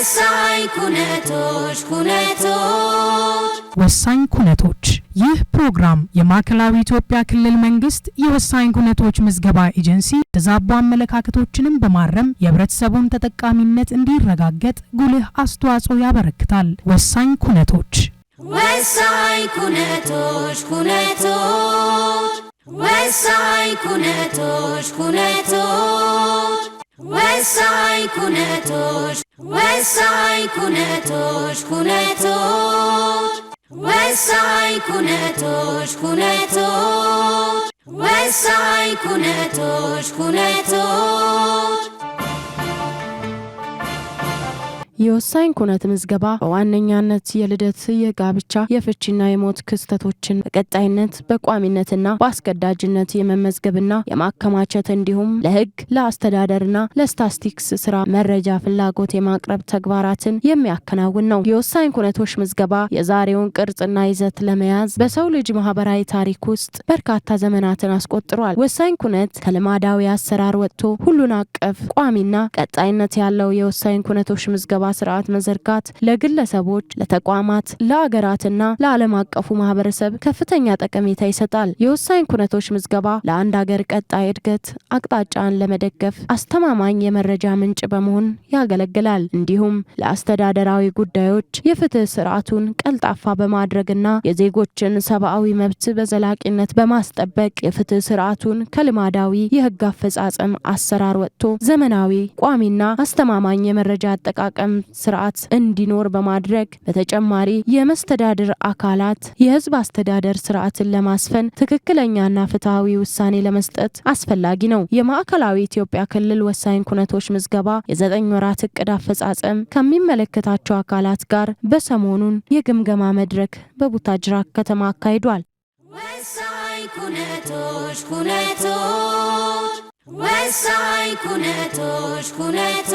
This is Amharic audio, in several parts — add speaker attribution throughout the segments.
Speaker 1: ወሳኝ ኩነቶች ኩነቶች
Speaker 2: ወሳኝ ኩነቶች ይህ ፕሮግራም የማዕከላዊ ኢትዮጵያ ክልል መንግስት የወሳኝ ኩነቶች ምዝገባ ኤጀንሲ የተዛቡ አመለካከቶችንም በማረም የህብረተሰቡን ተጠቃሚነት እንዲረጋገጥ ጉልህ አስተዋጽኦ ያበረክታል። ወሳኝ ኩነቶች
Speaker 1: ወሳኝ ኩነቶች ኩነቶች ወሳኝ ኩነቶች ኩነቶች ወሳኝ ኩነቶች ወሳኝ ኩነቶች ኩነቶች ወሳኝ ኩነቶች ኩነቶች ወሳኝ ኩነቶች ኩነቶች
Speaker 2: የወሳኝ ኩነት ምዝገባ በዋነኛነት የልደት፣ የጋብቻ፣ የፍቺና የሞት ክስተቶችን በቀጣይነት በቋሚነትና በአስገዳጅነት የመመዝገብና የማከማቸት እንዲሁም ለሕግ ለአስተዳደርና ለስታስቲክስ ስራ መረጃ ፍላጎት የማቅረብ ተግባራትን የሚያከናውን ነው። የወሳኝ ኩነቶች ምዝገባ የዛሬውን ቅርጽና ይዘት ለመያዝ በሰው ልጅ ማህበራዊ ታሪክ ውስጥ በርካታ ዘመናትን አስቆጥሯል። ወሳኝ ኩነት ከልማዳዊ አሰራር ወጥቶ ሁሉን አቀፍ ቋሚና ቀጣይነት ያለው የወሳኝ ኩነቶች ምዝገባ ስርዓት መዘርጋት ለግለሰቦች፣ ለተቋማት፣ ለአገራትና ለዓለም አቀፉ ማህበረሰብ ከፍተኛ ጠቀሜታ ይሰጣል። የወሳኝ ኩነቶች ምዝገባ ለአንድ አገር ቀጣይ እድገት አቅጣጫን ለመደገፍ አስተማማኝ የመረጃ ምንጭ በመሆን ያገለግላል። እንዲሁም ለአስተዳደራዊ ጉዳዮች የፍትህ ስርዓቱን ቀልጣፋ በማድረግና የዜጎችን ሰብአዊ መብት በዘላቂነት በማስጠበቅ የፍትህ ስርዓቱን ከልማዳዊ የህግ አፈጻጸም አሰራር ወጥቶ ዘመናዊ ቋሚና አስተማማኝ የመረጃ አጠቃቀም ስርዓት እንዲኖር በማድረግ በተጨማሪ የመስተዳድር አካላት የህዝብ አስተዳደር ስርዓትን ለማስፈን ትክክለኛና ፍትሐዊ ውሳኔ ለመስጠት አስፈላጊ ነው። የማዕከላዊ ኢትዮጵያ ክልል ወሳኝ ኩነቶች ምዝገባ የዘጠኝ ወራት እቅድ አፈጻጸም ከሚመለከታቸው አካላት ጋር በሰሞኑን የግምገማ መድረክ በቡታጅራ ከተማ አካሂዷል።
Speaker 1: ወሳኝ ኩነቶች ኩነቶች ወሳኝ ኩነቶች ኩነቶች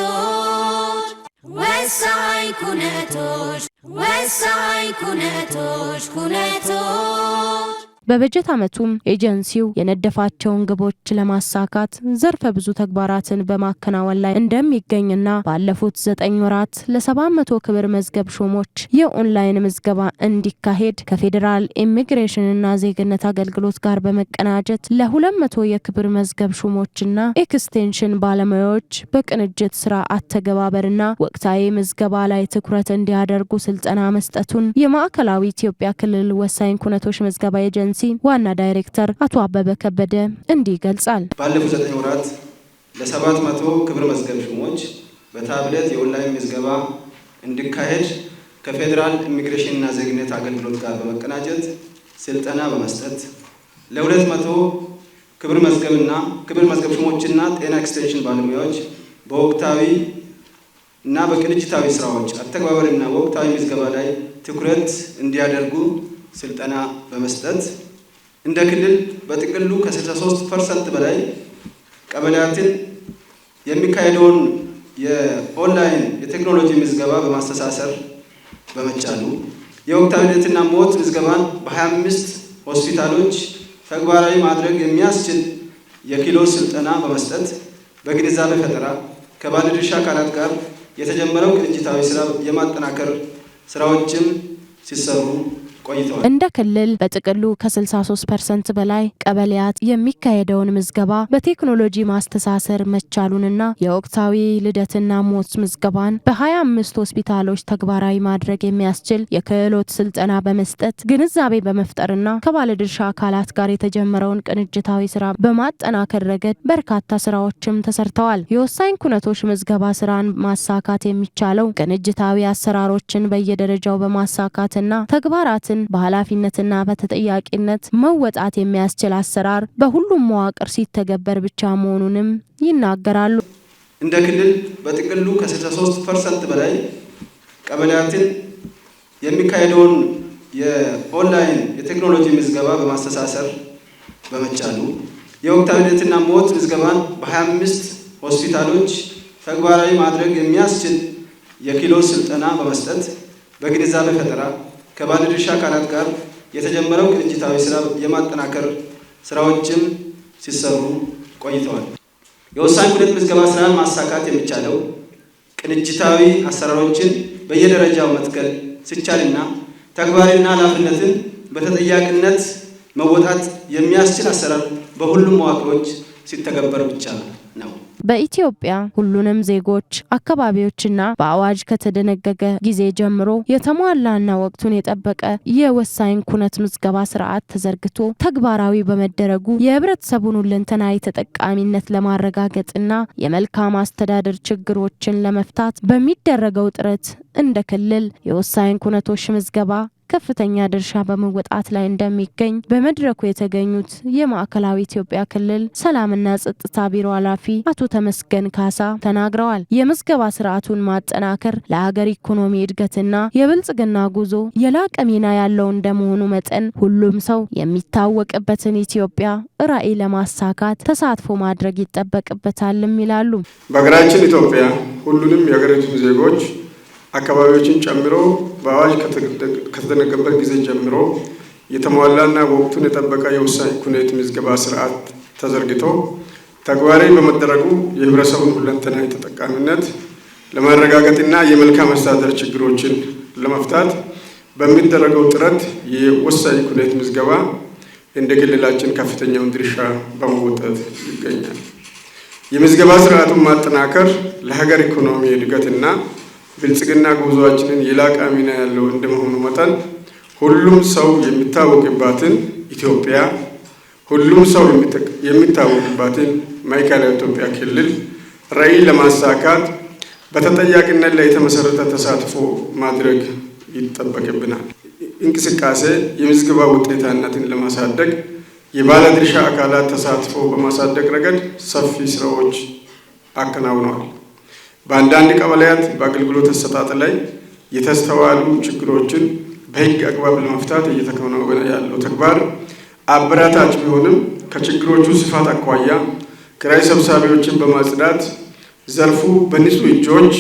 Speaker 1: ወሳኝ ኩነቶች ወሳኝ ኩነቶች ኩነቶች
Speaker 2: በበጀት ዓመቱም ኤጀንሲው የነደፋቸውን ግቦች ለማሳካት ዘርፈ ብዙ ተግባራትን በማከናወን ላይ እንደሚገኝና ባለፉት ዘጠኝ ወራት ለሰባት መቶ ክብር መዝገብ ሾሞች የኦንላይን ምዝገባ እንዲካሄድ ከፌዴራል ኢሚግሬሽንና ዜግነት አገልግሎት ጋር በመቀናጀት ለሁለት መቶ የክብር መዝገብ ሹሞችና ኤክስቴንሽን ባለሙያዎች በቅንጅት ስራ አተገባበርና ወቅታዊ ምዝገባ ላይ ትኩረት እንዲያደርጉ ስልጠና መስጠቱን የማዕከላዊ ኢትዮጵያ ክልል ወሳኝ ኩነቶች ምዝገባ ኤጀንሲ ኤጀንሲ ዋና ዳይሬክተር አቶ አበበ ከበደ እንዲህ ይገልጻል።
Speaker 3: ባለፉት ዘጠኝ ወራት ለሰባት መቶ ክብር መዝገብ ሹሞች በታብሌት የኦንላይን ምዝገባ እንዲካሄድ ከፌዴራል ኢሚግሬሽንና ዜግነት አገልግሎት ጋር በመቀናጀት ስልጠና በመስጠት ለሁለት መቶ ክብር መዝገብና ክብር መዝገብ ሹሞችና ጤና ኤክስቴንሽን ባለሙያዎች በወቅታዊ እና በቅንጅታዊ ስራዎች አተግባበርና በወቅታዊ ምዝገባ ላይ ትኩረት እንዲያደርጉ ስልጠና በመስጠት እንደ ክልል በጥቅሉ ከ63 ፐርሰንት በላይ ቀበሌያትን የሚካሄደውን የኦንላይን የቴክኖሎጂ ምዝገባ በማስተሳሰር በመቻሉ የወቅታዊነትና ሞት ምዝገባን በ25 ሆስፒታሎች ተግባራዊ ማድረግ የሚያስችል የኪሎ ስልጠና በመስጠት በግንዛቤ ፈጠራ ከባለድርሻ አካላት ጋር የተጀመረው ቅንጅታዊ ስራ የማጠናከር ስራዎችም ሲሰሩ ቆይተዋል።
Speaker 2: እንደ ክልል በጥቅሉ ከ63 ፐርሰንት በላይ ቀበሌያት የሚካሄደውን ምዝገባ በቴክኖሎጂ ማስተሳሰር መቻሉንና የወቅታዊ ልደትና ሞት ምዝገባን በ25 ሆስፒታሎች ተግባራዊ ማድረግ የሚያስችል የክህሎት ስልጠና በመስጠት ግንዛቤ በመፍጠርና ከባለድርሻ አካላት ጋር የተጀመረውን ቅንጅታዊ ስራ በማጠናከር ረገድ በርካታ ስራዎችም ተሰርተዋል። የወሳኝ ኩነቶች ምዝገባ ስራን ማሳካት የሚቻለው ቅንጅታዊ አሰራሮችን በየደረጃው በማሳካትና ተግባራትን ኃላፊነትን በኃላፊነትና በተጠያቂነት መወጣት የሚያስችል አሰራር በሁሉም መዋቅር ሲተገበር ብቻ መሆኑንም ይናገራሉ።
Speaker 3: እንደ ክልል በጥቅሉ ከ63 ፐርሰንት በላይ ቀበሌያትን የሚካሄደውን የኦንላይን የቴክኖሎጂ ምዝገባ በማስተሳሰር በመቻሉ የወቅታዊ ሞት ምዝገባን በ25 ሆስፒታሎች ተግባራዊ ማድረግ የሚያስችል የኪሎ ስልጠና በመስጠት በግንዛቤ ፈጠራ ከባለድርሻ አካላት ጋር የተጀመረው ቅንጅታዊ ስራ የማጠናከር ስራዎችም ሲሰሩ ቆይተዋል። የወሳኝ ኩነት ምዝገባ ስራን ማሳካት የሚቻለው ቅንጅታዊ አሰራሮችን በየደረጃው መትከል ሲቻልና ተግባርና ኃላፊነትን በተጠያቂነት መወጣት የሚያስችል አሰራር በሁሉም መዋቅሮች ሲተገበር ብቻ ነው።
Speaker 2: በኢትዮጵያ ሁሉንም ዜጎች አካባቢዎችና በአዋጅ ከተደነገገ ጊዜ ጀምሮ የተሟላና ወቅቱን የጠበቀ የወሳኝ ኩነት ምዝገባ ስርዓት ተዘርግቶ ተግባራዊ በመደረጉ የህብረተሰቡን ሁለንተናዊ ተጠቃሚነት ለማረጋገጥና የመልካም አስተዳደር ችግሮችን ለመፍታት በሚደረገው ጥረት እንደ ክልል የወሳኝ ኩነቶች ምዝገባ ከፍተኛ ድርሻ በመወጣት ላይ እንደሚገኝ በመድረኩ የተገኙት የማዕከላዊ ኢትዮጵያ ክልል ሰላምና ጸጥታ ቢሮ ኃላፊ አቶ ተመስገን ካሳ ተናግረዋል። የምዝገባ ስርዓቱን ማጠናከር ለሀገር ኢኮኖሚ እድገትና የብልጽግና ጉዞ የላቀ ሚና ያለው እንደመሆኑ መጠን ሁሉም ሰው የሚታወቅበትን ኢትዮጵያ ራዕይ ለማሳካት ተሳትፎ ማድረግ ይጠበቅበታልም ይላሉ።
Speaker 3: በሀገራችን ኢትዮጵያ ሁሉንም የሀገሪቱን ዜጎች አካባቢዎችን ጨምሮ በአዋጅ ከተደነገበት ጊዜ ጀምሮ የተሟላና ወቅቱን የጠበቀ የውሳኔ ኩነት ምዝገባ ስርዓት ተዘርግቶ ተግባራዊ በመደረጉ የህብረተሰቡን ሁለንተናዊ ተጠቃሚነት ለማረጋገጥና የመልካም አስተዳደር ችግሮችን ለመፍታት በሚደረገው ጥረት የወሳኝ ኩነት ምዝገባ እንደ ክልላችን ከፍተኛውን ድርሻ በመወጠት ይገኛል። የምዝገባ ስርዓቱን ማጠናከር ለሀገር ኢኮኖሚ እድገትና ብልጽግና ጉዞአችንን የላቀ ሚና ያለው እንደመሆኑ መጠን ሁሉም ሰው የሚታወቅባትን ኢትዮጵያ ሁሉም ሰው የሚታወቅባትን ማዕከላዊ ኢትዮጵያ ክልል ራዕይ ለማሳካት በተጠያቂነት ላይ የተመሰረተ ተሳትፎ ማድረግ ይጠበቅብናል። እንቅስቃሴ የምዝገባ ውጤታነትን ለማሳደግ የባለድርሻ አካላት ተሳትፎ በማሳደግ ረገድ ሰፊ ስራዎች አከናውነዋል። በአንዳንድ ቀበሌያት በአገልግሎት አሰጣጥ ላይ የተስተዋሉ ችግሮችን በህግ አግባብ ለመፍታት እየተከናወነ ያለው ተግባር አበረታች ቢሆንም ከችግሮቹ ስፋት አኳያ ክራይ ሰብሳቢዎችን በማጽዳት ዘርፉ በንጹህ እጆች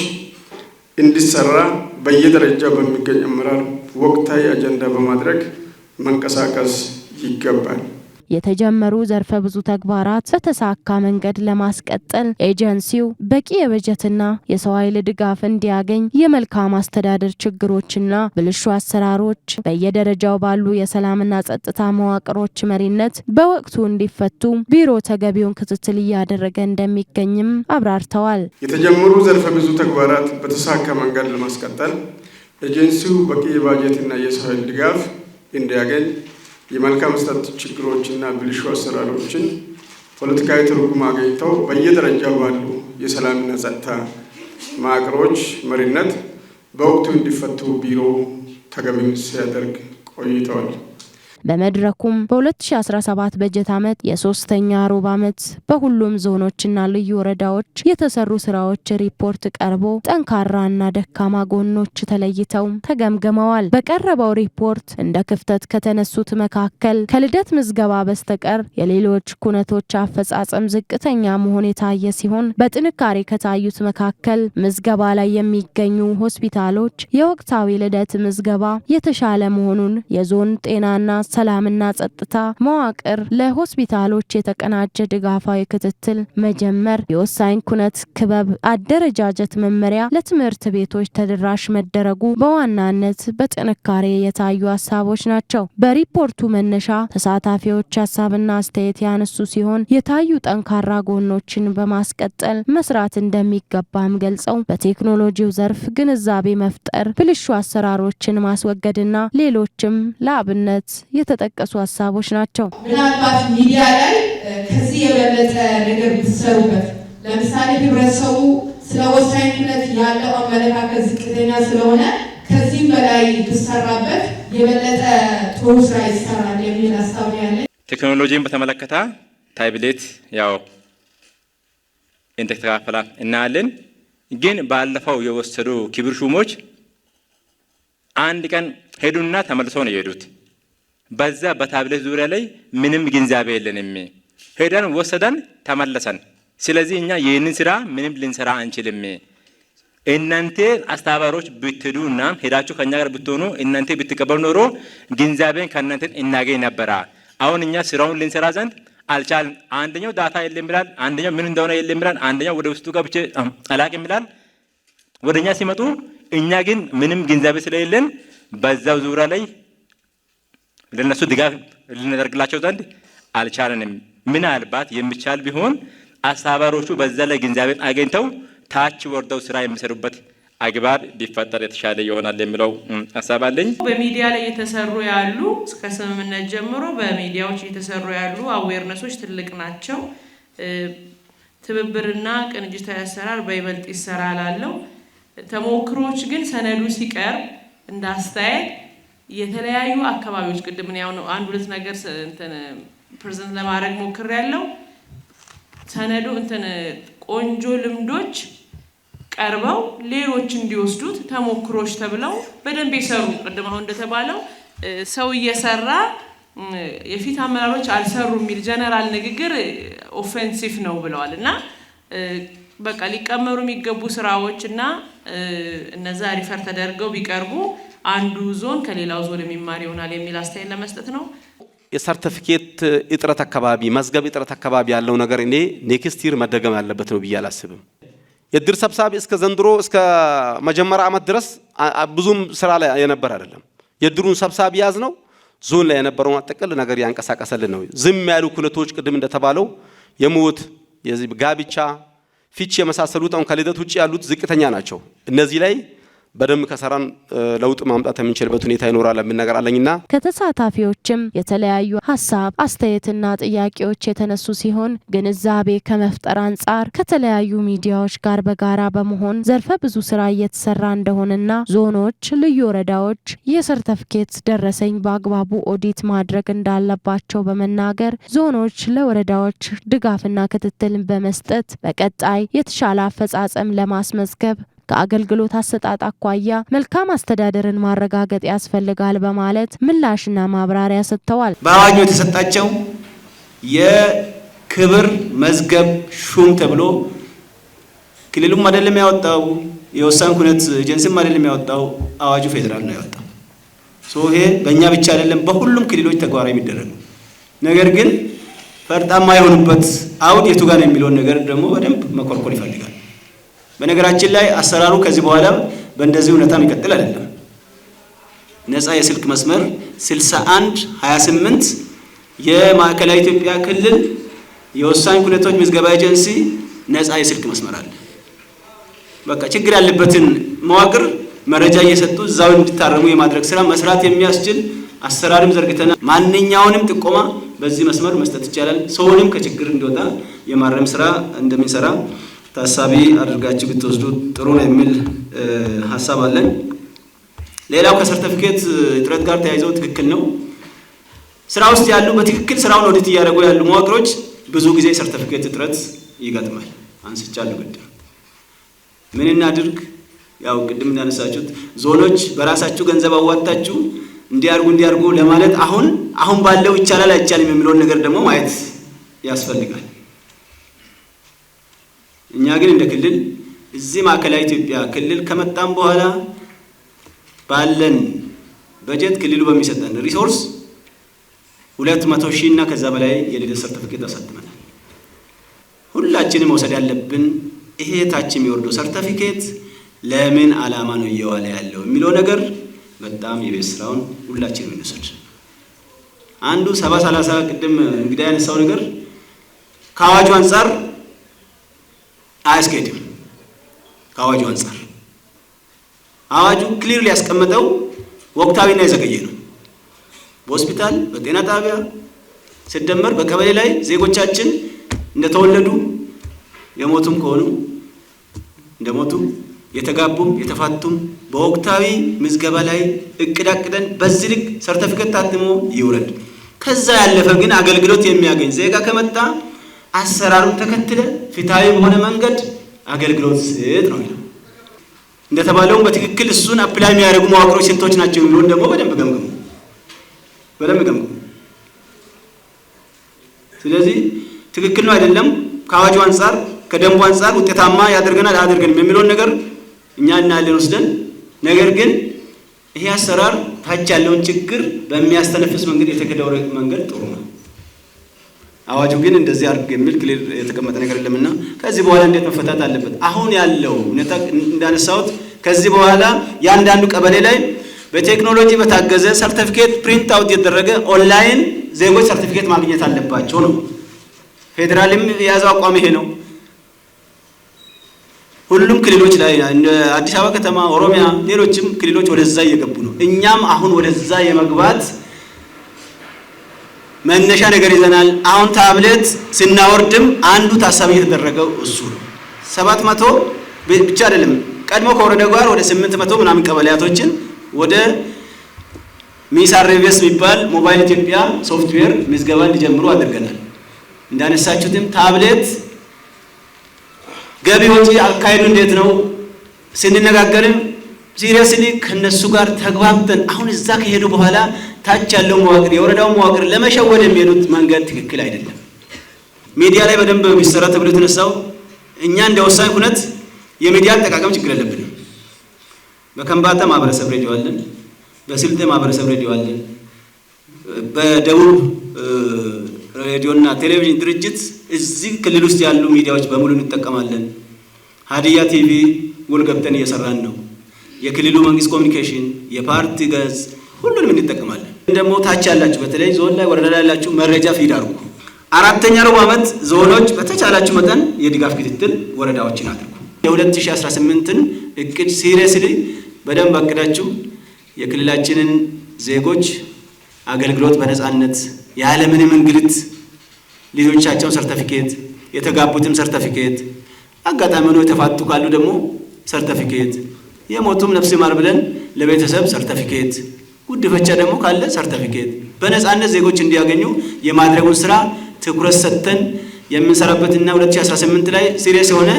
Speaker 3: እንዲሰራ በየደረጃ በሚገኝ አመራር ወቅታዊ አጀንዳ በማድረግ መንቀሳቀስ ይገባል።
Speaker 2: የተጀመሩ ዘርፈ ብዙ ተግባራት በተሳካ መንገድ ለማስቀጠል ኤጀንሲው በቂ የበጀትና የሰው ኃይል ድጋፍ እንዲያገኝ የመልካም አስተዳደር ችግሮችና ብልሹ አሰራሮች በየደረጃው ባሉ የሰላምና ጸጥታ መዋቅሮች መሪነት በወቅቱ እንዲፈቱ ቢሮ ተገቢውን ክትትል እያደረገ እንደሚገኝም አብራርተዋል።
Speaker 3: የተጀመሩ ዘርፈ ብዙ ተግባራት በተሳካ መንገድ ለማስቀጠል ኤጀንሲው በቂ የባጀትና የሰው ኃይል ድጋፍ እንዲያገኝ የመልካም አስተዳደር ችግሮችና ብልሹ አሰራሮችን ፖለቲካዊ ትርጉም አገኝተው በየደረጃው ባሉ የሰላምና ጸጥታ ማዕቅሮች መሪነት በወቅቱ እንዲፈቱ ቢሮ ተገቢውን ሲያደርግ ቆይተዋል።
Speaker 2: በመድረኩም በ2017 በጀት ዓመት የሶስተኛ ሩብ ዓመት በሁሉም ዞኖችና ልዩ ወረዳዎች የተሰሩ ስራዎች ሪፖርት ቀርቦ ጠንካራና ደካማ ጎኖች ተለይተው ተገምግመዋል። በቀረበው ሪፖርት እንደ ክፍተት ከተነሱት መካከል ከልደት ምዝገባ በስተቀር የሌሎች ኩነቶች አፈጻጸም ዝቅተኛ መሆን የታየ ሲሆን በጥንካሬ ከታዩት መካከል ምዝገባ ላይ የሚገኙ ሆስፒታሎች የወቅታዊ ልደት ምዝገባ የተሻለ መሆኑን የዞን ጤናና ሰላምና ጸጥታ መዋቅር ለሆስፒታሎች የተቀናጀ ድጋፋዊ ክትትል መጀመር፣ የወሳኝ ኩነት ክበብ አደረጃጀት መመሪያ ለትምህርት ቤቶች ተደራሽ መደረጉ በዋናነት በጥንካሬ የታዩ ሀሳቦች ናቸው። በሪፖርቱ መነሻ ተሳታፊዎች ሀሳብና አስተያየት ያነሱ ሲሆን የታዩ ጠንካራ ጎኖችን በማስቀጠል መስራት እንደሚገባም ገልጸው በቴክኖሎጂው ዘርፍ ግንዛቤ መፍጠር፣ ብልሹ አሰራሮችን ማስወገድና ሌሎችም ለአብነት የተጠቀሱ ሀሳቦች ናቸው። ምናልባት ሚዲያ ላይ ከዚህ የበለጠ ነገር ብትሰሩበት፣ ለምሳሌ ህብረተሰቡ ስለ ወሳኝነት ያለው አመለካከት ዝቅተኛ ስለሆነ ከዚህም በላይ ብሰራበት የበለጠ ጥሩ ስራ ይሰራል የሚል ሀሳብ ያለ ቴክኖሎጂን በተመለከተ ታይብሌት ያው እንደተከፋፈለ እናያለን። ግን ባለፈው የወሰዱ ክቡር ሹሞች አንድ ቀን ሄዱና ተመልሶ ነው የሄዱት። በዛ በታብሌት ዙሪያ ላይ ምንም ግንዛቤ የለንም። ሄደን ወሰደን ተመለሰን። ስለዚህ እኛ ይህንን ስራ ምንም ልንሰራ አንችልም። እናንተ አስተባባሪዎች ብትሄዱ እና ሄዳችሁ ከእኛ ጋር ብትሆኑ እናንተ ብትቀበሉ ኖሮ ግንዛቤን ከእናንተን እናገኝ ነበረ። አሁን እኛ ስራውን ልንሰራ ዘንድ አልቻልን። አንደኛው ዳታ የለም ይላል፣ አንደኛው ምን እንደሆነ የለም ይላል፣ አንደኛው ወደ ውስጡ ገብቼ አላቅም ይላል። ወደ እኛ ሲመጡ እኛ ግን ምንም ግንዛቤ ስለሌለን በዛው ዙሪያ ላይ ለነሱ ድጋፍ ልናደርግላቸው ዘንድ አልቻለንም። ምናልባት የሚቻል ቢሆን አስተባባሪዎቹ በዛ ላይ ግንዛቤን አገኝተው ታች ወርደው ስራ የሚሰሩበት አግባብ ቢፈጠር የተሻለ ይሆናል የሚለው ሀሳብ አለኝ። በሚዲያ ላይ የተሰሩ ያሉ እስከ ስምምነት ጀምሮ በሚዲያዎች የተሰሩ ያሉ አዌርነሶች ትልቅ ናቸው። ትብብርና ቅንጅታዊ አሰራር በይበልጥ ይሰራል ተሞክሮች ግን ሰነዱ ሲቀርብ እንዳስተያየት የተለያዩ አካባቢዎች ቅድም ያው ነው አንድ ሁለት ነገር እንትን ፕሬዘንት ለማድረግ ሞክር ያለው ሰነዱ እንትን ቆንጆ ልምዶች ቀርበው ሌሎች እንዲወስዱት ተሞክሮች ተብለው በደንብ የሰሩ ቅድም አሁን እንደተባለው ሰው እየሰራ የፊት አመራሮች አልሰሩ የሚል ጀነራል ንግግር ኦፌንሲቭ ነው ብለዋል እና በቃ ሊቀመሩ የሚገቡ ስራዎች እና እነዛ ሪፈር ተደርገው ቢቀርቡ አንዱ ዞን ከሌላው ዞን የሚማር ይሆናል የሚል አስተያየት ለመስጠት ነው። የሰርተፊኬት እጥረት አካባቢ መዝገብ እጥረት አካባቢ ያለው ነገር እኔ ኔክስት ይር መደገም ያለበት ነው ብዬ አላስብም። የእድር ሰብሳቢ እስከ ዘንድሮ እስከ መጀመሪያ ዓመት ድረስ ብዙም ስራ ላይ የነበር አይደለም። የድሩን ሰብሳቢ ያዝ ነው ዞን ላይ የነበረውን አጠቅል ነገር ያንቀሳቀሰልን ነው። ዝም ያሉ ኩነቶች ቅድም እንደተባለው የሞት ጋብቻ፣ ፊች የመሳሰሉት አሁን ከልደት ውጭ ያሉት ዝቅተኛ ናቸው። እነዚህ ላይ በደንብ ከሰራን ለውጥ ማምጣት የምንችልበት ሁኔታ ይኖራል የሚል ነገር አለኝና ከተሳታፊዎችም የተለያዩ ሀሳብ አስተያየትና ጥያቄዎች የተነሱ ሲሆን ግንዛቤ ከመፍጠር አንጻር ከተለያዩ ሚዲያዎች ጋር በጋራ በመሆን ዘርፈ ብዙ ስራ እየተሰራ እንደሆነና ዞኖች፣ ልዩ ወረዳዎች የሰርተፍኬት ደረሰኝ በአግባቡ ኦዲት ማድረግ እንዳለባቸው በመናገር ዞኖች ለወረዳዎች ድጋፍና ክትትል በመስጠት በቀጣይ የተሻለ አፈጻጸም ለማስመዝገብ ከአገልግሎት አሰጣጥ አኳያ መልካም አስተዳደርን ማረጋገጥ ያስፈልጋል በማለት ምላሽና ማብራሪያ ሰጥተዋል። በአዋጁ የተሰጣቸው የክብር መዝገብ ሹም ተብሎ ክልሉም አይደለም ያወጣው የወሳኝ ኩነት ኤጀንሲም አይደለም ያወጣው አዋጁ ፌዴራል ነው ያወጣው። ይሄ በእኛ ብቻ አይደለም በሁሉም ክልሎች ተግባራዊ የሚደረግ ነው። ነገር ግን ፈርጣማ የሆኑበት አውድ የቱ ጋር የሚለውን ነገር ደግሞ በደንብ መኮርኮር ይፈልጋል። በነገራችን ላይ አሰራሩ ከዚህ በኋላም በእንደዚህ ሁኔታ የሚቀጥል አይደለም። ነፃ የስልክ መስመር 61 28 የማዕከላዊ ኢትዮጵያ ክልል የወሳኝ ኩነቶች ምዝገባ ኤጀንሲ ነፃ የስልክ መስመር አለ። በቃ ችግር ያለበትን መዋቅር መረጃ እየሰጡ እዛው እንዲታረሙ የማድረግ ስራ መስራት የሚያስችል አሰራርም ዘርግተናል። ማንኛውንም ጥቆማ በዚህ መስመር መስጠት ይቻላል። ሰውንም ከችግር እንዲወጣ የማረም ስራ እንደምንሰራ ታሳቢ አድርጋችሁ ብትወስዱ ጥሩ ነው የሚል ሀሳብ አለን። ሌላው ከሰርተፊኬት እጥረት ጋር ተያይዘው ትክክል ነው። ስራ ውስጥ ያሉ በትክክል ስራውን ኦዲት እያደረጉ ያሉ መዋቅሮች ብዙ ጊዜ ሰርተፊኬት እጥረት ይገጥማል። አንስቻለሁ ቅድም። ምን እናድርግ? ያው ቅድም እንዳነሳችሁት ዞኖች በራሳችሁ ገንዘብ አዋጣችሁ እንዲያርጉ እንዲያርጉ ለማለት አሁን አሁን ባለው ይቻላል አይቻልም የሚለውን ነገር ደግሞ ማየት ያስፈልጋል። እኛ ግን እንደ ክልል እዚህ ማዕከላዊ ኢትዮጵያ ክልል ከመጣም በኋላ ባለን በጀት ክልሉ በሚሰጠን ሪሶርስ ሁለት መቶ ሺህ እና ከዛ በላይ የልደት ሰርተፍኬት አሳትመናል። ሁላችንም መውሰድ ያለብን ይሄ ታች የሚወርደው ሰርተፊኬት ለምን ዓላማ ነው እየዋለ ያለው የሚለው ነገር በጣም የቤት ስራውን ሁላችን እንውሰድ። አንዱ ሰባ ሰላሳ ቅድም እንግዳ ያነሳው ነገር ከአዋጁ አንጻር አያስኬድም። ከአዋጁ አንጻር አዋጁ ክሊር ሊያስቀምጠው ወቅታዊና የዘገየ ነው። በሆስፒታል በጤና ጣቢያ ሲደመር በቀበሌ ላይ ዜጎቻችን እንደተወለዱ የሞቱም ከሆኑ እንደሞቱም የተጋቡም የተፋቱም በወቅታዊ ምዝገባ ላይ እቅድ አቅደን በዚህ ልክ ሰርተፊኬት ታትሞ ይውረድ። ከዛ ያለፈ ግን አገልግሎት የሚያገኝ ዜጋ ከመጣ አሰራሩን ተከትለ ፍትሐዊ በሆነ መንገድ አገልግሎት ስጥ ነው የሚለው። እንደተባለውም በትክክል እሱን አፕላይ የሚያደርጉ መዋቅሮች ስንቶች ናቸው የሚሆን ደግሞ በደንብ ገምግሙ፣ በደንብ ገምግሙ። ስለዚህ ትክክል ነው አይደለም፣ ከአዋጁ አንጻር ከደንቡ አንጻር ውጤታማ ያደርገናል አያደርገንም የሚለውን ነገር እኛ እናያለን ወስደን። ነገር ግን ይሄ አሰራር ታች ያለውን ችግር በሚያስተነፍስ መንገድ የተከደረ መንገድ ጥሩ ነው። አዋጁ ግን እንደዚህ አድርግ የሚል ክሊር የተቀመጠ ነገር የለምና ከዚህ በኋላ እንዴት መፈታት አለበት? አሁን ያለው ሁኔታ እንዳነሳሁት ከዚህ በኋላ ያንዳንዱ ቀበሌ ላይ በቴክኖሎጂ በታገዘ ሰርቲፊኬት ፕሪንት አውት የተደረገ ኦንላይን ዜጎች ሰርቲፊኬት ማግኘት አለባቸው ነው። ፌዴራልም የያዘው አቋም ይሄ ነው። ሁሉም ክልሎች ላይ አዲስ አበባ ከተማ፣ ኦሮሚያ፣ ሌሎችም ክልሎች ወደዛ እየገቡ ነው። እኛም አሁን ወደዛ የመግባት መነሻ ነገር ይዘናል። አሁን ታብሌት ስናወርድም አንዱ ታሳቢ የተደረገው እሱ ነው። ሰባት መቶ ብቻ አይደለም ቀድሞ ከወረደ ጋር ወደ ስምንት መቶ ምናምን ቀበሌያቶችን ወደ ሚሳሬቬስ የሚባል ሞባይል ኢትዮጵያ ሶፍትዌር ምዝገባ እንዲጀምሩ አድርገናል። እንዳነሳችሁትም ታብሌት ገቢ ወጪ አካሄዱ እንዴት ነው ስንነጋገርም ሲሪየስሊ ከነሱ ጋር ተግባብተን አሁን እዛ ከሄዱ በኋላ ታች ያለው መዋቅር የወረዳው መዋቅር ለመሸወድ የሚሄዱት መንገድ ትክክል አይደለም። ሚዲያ ላይ በደንብ የሚሰራ ተብሎ የተነሳው እኛ እንደ ወሳኝ ሁነት የሚዲያ አጠቃቀም ችግር የለብንም። በከንባታ ማህበረሰብ ሬዲዮ አለን፣ በስልጤ ማህበረሰብ ሬዲዮ አለን፣ በደቡብ ሬዲዮና ቴሌቪዥን ድርጅት እዚህ ክልል ውስጥ ያሉ ሚዲያዎች በሙሉ እንጠቀማለን። ሀዲያ ቲቪ ውል ገብተን እየሰራን ነው። የክልሉ መንግስት ኮሚኒኬሽን፣ የፓርቲ ገጽ ሁሉንም እንጠቀማለን። ደግሞ ታች ያላችሁ በተለይ ዞን ላይ ወረዳ ላይ ያላችሁ መረጃ ፊድ አድርጉ። አራተኛ ሩብ ዓመት ዞኖች በተቻላችሁ መጠን የድጋፍ ክትትል ወረዳዎችን አድርጉ። የ2018ን እቅድ ሲሪየስሊ በደንብ አቅዳችሁ የክልላችንን ዜጎች አገልግሎት በነፃነት ያለምንም እንግልት ልጆቻቸውን ሰርተፊኬት የተጋቡትም ሰርተፊኬት አጋጣሚ ሆኖ የተፋቱ ካሉ ደግሞ ሰርተፊኬት የሞቱም ነፍስ ይማር ብለን ለቤተሰብ ሰርተፊኬት፣ ጉድፈቻ ደግሞ ካለ ሰርተፊኬት በነፃነት ዜጎች እንዲያገኙ የማድረጉን ስራ ትኩረት ሰጥተን የምንሰራበትና 2018 ላይ ሲሪየስ የሆነ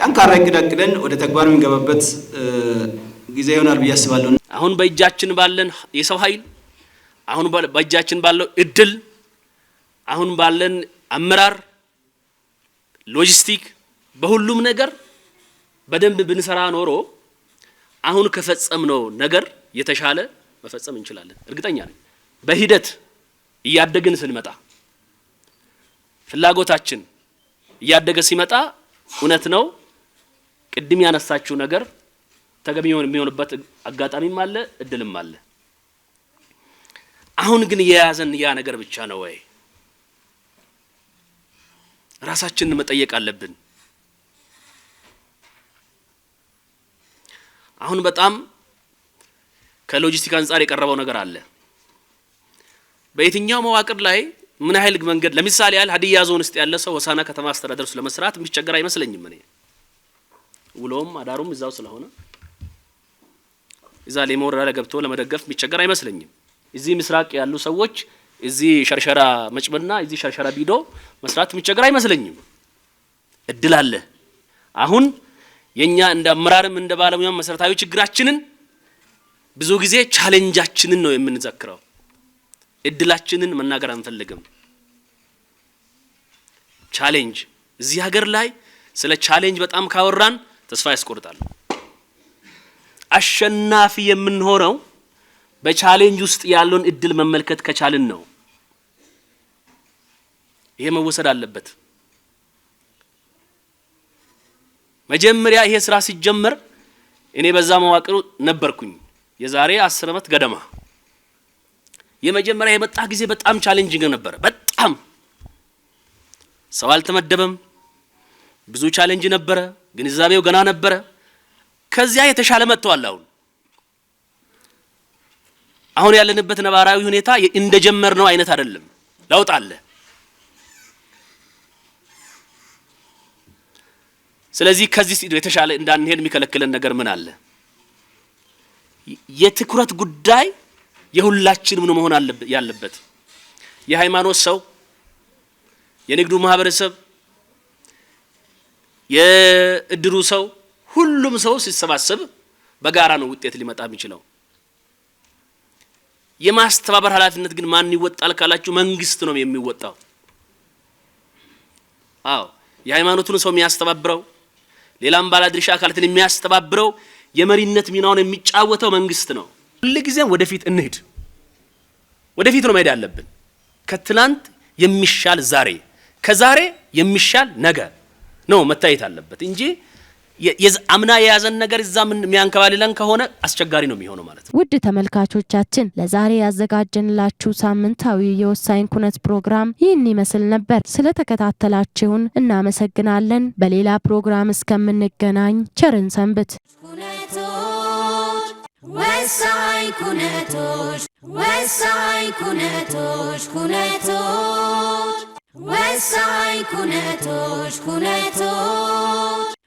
Speaker 2: ጠንካራ እቅድ አቅደን ወደ ተግባር የምንገባበት ጊዜ ይሆናል ብዬ አስባለሁ። አሁን በእጃችን ባለን የሰው ኃይል አሁን በእጃችን ባለው እድል አሁን ባለን አመራር፣ ሎጂስቲክ በሁሉም ነገር በደንብ ብንሰራ ኖሮ አሁን ከፈጸምነው ነገር የተሻለ መፈጸም እንችላለን፣ እርግጠኛ ነኝ። በሂደት እያደግን ስንመጣ ፍላጎታችን እያደገ ሲመጣ እውነት ነው ቅድም ያነሳችው ነገር ተገቢ የሚሆንበት አጋጣሚም አለ፣ እድልም አለ። አሁን ግን የያዘን ያ ነገር ብቻ ነው ወይ? ራሳችንን መጠየቅ አለብን። አሁን በጣም ከሎጂስቲክ አንጻር የቀረበው ነገር አለ። በየትኛው መዋቅር ላይ ምን ያህል መንገድ ለምሳሌ ያህል ሀዲያ ዞን ውስጥ ያለ ሰው ሆሳና ከተማ አስተዳደር ውስጥ ለመስራት የሚቸገር አይመስለኝም። እኔ ውሎም አዳሩም እዛው ስለሆነ እዛ ላይ ወረዳ ገብቶ ለመደገፍ የሚቸገር አይመስለኝም። እዚህ ምስራቅ ያሉ ሰዎች እዚህ ሸርሸራ መጭመና እዚህ ሸርሸራ ቢዶ መስራት የሚቸገር አይመስለኝም። እድል አለ አሁን የእኛ እንደ አመራርም እንደ ባለሙያም መሰረታዊ ችግራችንን ብዙ ጊዜ ቻሌንጃችንን ነው የምንዘክረው። እድላችንን መናገር አንፈልግም። ቻሌንጅ እዚህ ሀገር ላይ ስለ ቻሌንጅ በጣም ካወራን ተስፋ ያስቆርጣል። አሸናፊ የምንሆነው በቻሌንጅ ውስጥ ያለውን እድል መመልከት ከቻልን ነው። ይሄ መወሰድ አለበት። መጀመሪያ ይሄ ስራ ሲጀመር እኔ በዛ መዋቅር ነበርኩኝ። የዛሬ አስር ዓመት ገደማ የመጀመሪያ የመጣ ጊዜ በጣም ቻሌንጂንግ ነበረ። በጣም ሰው አልተመደበም። ብዙ ቻሌንጅ ነበረ። ግንዛቤው ገና ነበረ። ከዚያ የተሻለ መጥተዋል። አሁን አሁን ያለንበት ነባራዊ ሁኔታ እንደጀመር ነው አይነት አይደለም። ለውጥ አለ። ስለዚህ ከዚህ የተሻለ እንዳንሄድ የሚከለክለን ነገር ምን አለ? የትኩረት ጉዳይ የሁላችንም ነው መሆን ያለበት። የሃይማኖት ሰው፣ የንግዱ ማህበረሰብ፣ የእድሩ ሰው፣ ሁሉም ሰው ሲሰባሰብ በጋራ ነው ውጤት ሊመጣ የሚችለው። የማስተባበር ኃላፊነት ግን ማን ይወጣል ካላችሁ መንግስት ነው የሚወጣው። አዎ የሃይማኖቱን ሰው የሚያስተባብረው ሌላም ባለድርሻ አካላትን የሚያስተባብረው የመሪነት ሚናውን የሚጫወተው መንግስት ነው። ሁልጊዜም ወደፊት እንሂድ፣ ወደፊት ነው መሄድ ያለብን። ከትናንት የሚሻል ዛሬ፣ ከዛሬ የሚሻል ነገ ነው መታየት አለበት እንጂ አምና የያዘን ነገር እዛ የሚያንከባልለን ከሆነ አስቸጋሪ ነው የሚሆነው ማለት ነው። ውድ ተመልካቾቻችን ለዛሬ ያዘጋጀንላችሁ ሳምንታዊ የወሳኝ ኩነት ፕሮግራም ይህን ይመስል ነበር። ስለተከታተላችሁን እናመሰግናለን። በሌላ ፕሮግራም እስከምንገናኝ ቸርን ሰንብት። ወሳኝ ኩነቶች ወሳኝ ኩነቶች ኩነቶች ወሳኝ ኩነቶች ኩነቶች